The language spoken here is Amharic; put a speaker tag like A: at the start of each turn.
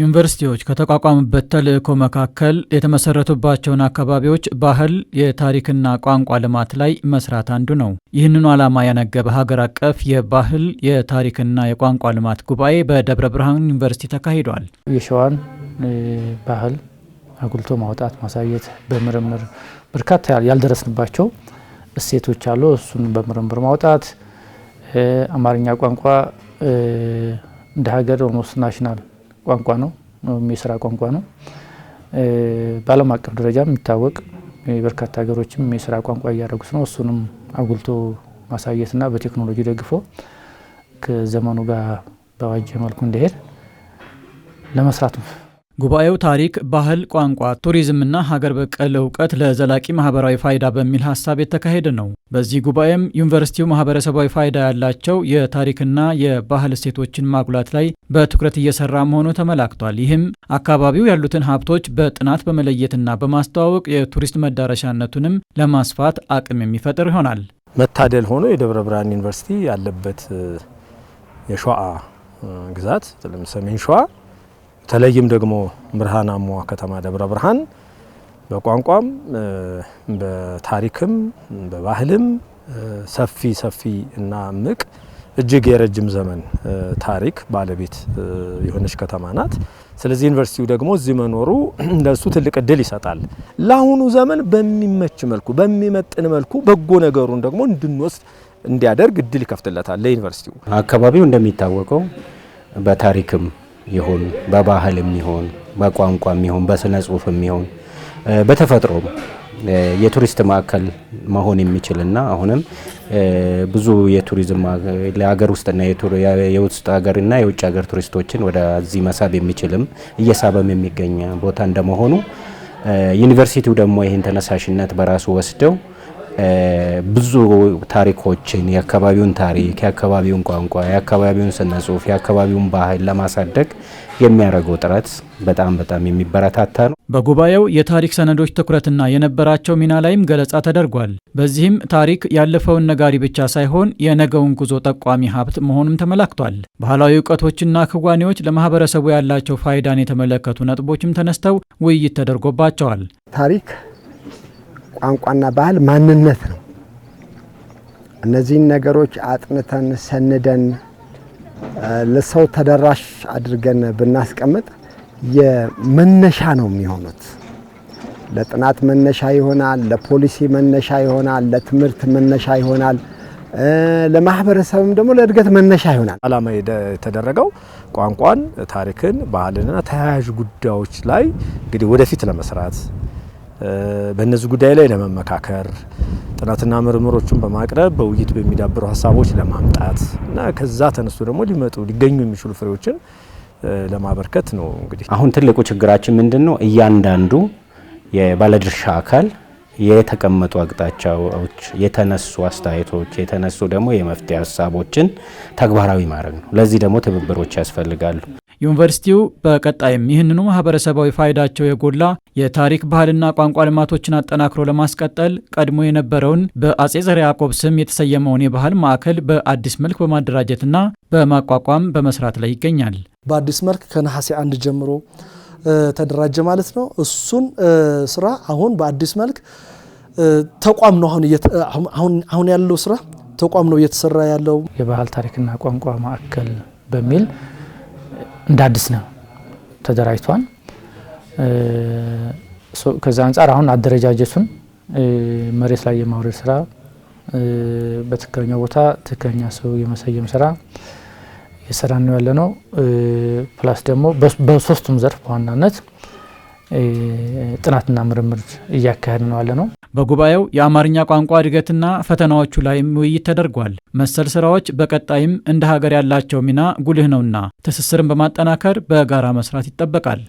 A: ዩኒቨርሲቲዎች ከተቋቋሙበት ተልዕኮ መካከል የተመሰረቱባቸውን አካባቢዎች ባህል፣ የታሪክና ቋንቋ ልማት ላይ መስራት አንዱ ነው። ይህንኑ ዓላማ ያነገበ ሀገር አቀፍ የባህል የታሪክና የቋንቋ ልማት ጉባኤ በደብረ ብርሃን ዩኒቨርሲቲ ተካሂዷል።
B: የሸዋን ባህል አጉልቶ ማውጣት፣ ማሳየት በምርምር በርካታ ያልደረስንባቸው እሴቶች አሉ። እሱን በምርምር ማውጣት አማርኛ ቋንቋ እንደ ሀገር ኦልሞስት ናሽናል ቋንቋ ነው፣ የስራ ቋንቋ ነው። በዓለም አቀፍ ደረጃ የሚታወቅ በርካታ ሀገሮችም የስራ ቋንቋ እያደረጉት ነው። እሱንም አጉልቶ ማሳየትና በቴክኖሎጂ ደግፎ ከዘመኑ ጋር በዋጀ መልኩ እንዲሄድ ለመስራት ነው።
A: ጉባኤው ታሪክ፣ ባህል፣ ቋንቋ፣ ቱሪዝምና ሀገር በቀል እውቀት ለዘላቂ ማህበራዊ ፋይዳ በሚል ሀሳብ የተካሄደ ነው። በዚህ ጉባኤም ዩኒቨርሲቲው ማህበረሰባዊ ፋይዳ ያላቸው የታሪክና የባህል እሴቶችን ማጉላት ላይ በትኩረት እየሰራ መሆኑ ተመላክቷል። ይህም አካባቢው ያሉትን ሀብቶች በጥናት በመለየትና በማስተዋወቅ የቱሪስት መዳረሻነቱንም ለማስፋት አቅም የሚፈጥር ይሆናል።
C: መታደል ሆኖ የደብረ ብርሃን ዩኒቨርሲቲ ያለበት የሸዋ ግዛት ሰሜን ሸዋ በተለይም ደግሞ ብርሃን ከተማ ደብረ ብርሃን በቋንቋም በታሪክም በባህልም ሰፊ ሰፊ እና እምቅ እጅግ የረጅም ዘመን ታሪክ ባለቤት የሆነች ከተማ ናት። ስለዚህ ዩኒቨርሲቲው ደግሞ እዚህ መኖሩ ለእሱ ትልቅ እድል ይሰጣል። ለአሁኑ ዘመን በሚመች መልኩ በሚመጥን መልኩ በጎ ነገሩን ደግሞ እንድንወስድ እንዲያደርግ እድል ይከፍትለታል ለዩኒቨርሲቲው።
D: አካባቢው እንደሚታወቀው በታሪክም ይሁን በባህል ይሁን በቋንቋ ይሁን በስነ ጽሁፍ ይሁን በተፈጥሮም የቱሪስት ማዕከል መሆን የሚችልና አሁንም ብዙ የቱሪዝም ለሀገር ውስጥና የውስጥ ሀገርና የውጭ ሀገር ቱሪስቶችን ወደዚህ መሳብ የሚችልም እየሳበም የሚገኝ ቦታ እንደመሆኑ ዩኒቨርሲቲው ደግሞ ይህን ተነሳሽነት በራሱ ወስደው ብዙ ታሪኮችን የአካባቢውን ታሪክ፣ የአካባቢውን ቋንቋ፣ የአካባቢውን ስነ ጽሁፍ፣ የአካባቢውን ባህል ለማሳደግ የሚያደርገው ጥረት በጣም በጣም የሚበረታታ ነው።
A: በጉባኤው የታሪክ ሰነዶች ትኩረትና የነበራቸው ሚና ላይም ገለጻ ተደርጓል። በዚህም ታሪክ ያለፈውን ነጋሪ ብቻ ሳይሆን የነገውን ጉዞ ጠቋሚ ሀብት መሆኑም ተመላክቷል። ባህላዊ እውቀቶችና ክዋኔዎች ለማህበረሰቡ ያላቸው ፋይዳን የተመለከቱ ነጥቦችም ተነስተው ውይይት ተደርጎባቸዋል።
E: ታሪክ ቋንቋና ባህል ማንነት ነው። እነዚህን ነገሮች አጥንተን ሰንደን ለሰው ተደራሽ አድርገን ብናስቀምጥ የመነሻ ነው የሚሆኑት። ለጥናት መነሻ ይሆናል፣ ለፖሊሲ መነሻ ይሆናል፣ ለትምህርት መነሻ ይሆናል፣ ለማህበረሰብም ደግሞ ለእድገት መነሻ ይሆናል።
F: ዓላማ የተደረገው ቋንቋን፣ ታሪክን፣ ባህልንና ተያያዥ ጉዳዮች ላይ እንግዲህ ወደፊት ለመስራት በእነዚህ ጉዳይ ላይ ለመመካከር ጥናትና ምርምሮችን በማቅረብ በውይይት በሚዳብሩ ሀሳቦች ለማምጣት እና ከዛ ተነስቶ ደግሞ ሊመጡ ሊገኙ የሚችሉ ፍሬዎችን ለማበርከት ነው። እንግዲህ
G: አሁን ትልቁ ችግራችን ምንድን ነው? እያንዳንዱ የባለድርሻ አካል የተቀመጡ አቅጣጫዎች፣ የተነሱ አስተያየቶች፣ የተነሱ ደግሞ የመፍትሄ ሀሳቦችን ተግባራዊ ማድረግ ነው። ለዚህ ደግሞ ትብብሮች ያስፈልጋሉ።
A: ዩኒቨርሲቲው በቀጣይም ይህንኑ ማህበረሰባዊ ፋይዳቸው የጎላ የታሪክ ባህልና ቋንቋ ልማቶችን አጠናክሮ ለማስቀጠል ቀድሞ የነበረውን በአጼ ዘርዓ ያዕቆብ ስም የተሰየመውን የባህል ማዕከል በአዲስ መልክ በማደራጀትና በማቋቋም በመስራት ላይ ይገኛል።
H: በአዲስ መልክ ከነሐሴ አንድ ጀምሮ ተደራጀ ማለት ነው። እሱን ስራ አሁን በአዲስ መልክ ተቋም ነው አሁን ያለው ስራ ተቋም ነው እየተሰራ ያለው
I: የባህል ታሪክና ቋንቋ ማዕከል በሚል እንደ አዲስ ነው ተደራጅቷል። ከዛ አንጻር አሁን አደረጃጀቱን መሬት ላይ የማውረድ ስራ፣ በትክክለኛ ቦታ ትክክለኛ ሰው የመሰየም ስራ የሰራ ነው ያለ ነው። ፕላስ ደግሞ በሶስቱም ዘርፍ በዋናነት ጥናትና ምርምር እያካሄድ ነው ያለ ነው።
A: በጉባኤው የአማርኛ ቋንቋ እድገትና ፈተናዎቹ ላይም ውይይት ተደርጓል። መሰል ስራዎች በቀጣይም እንደ ሀገር ያላቸው ሚና ጉልህ ነውና ትስስርን በማጠናከር በጋራ መስራት ይጠበቃል።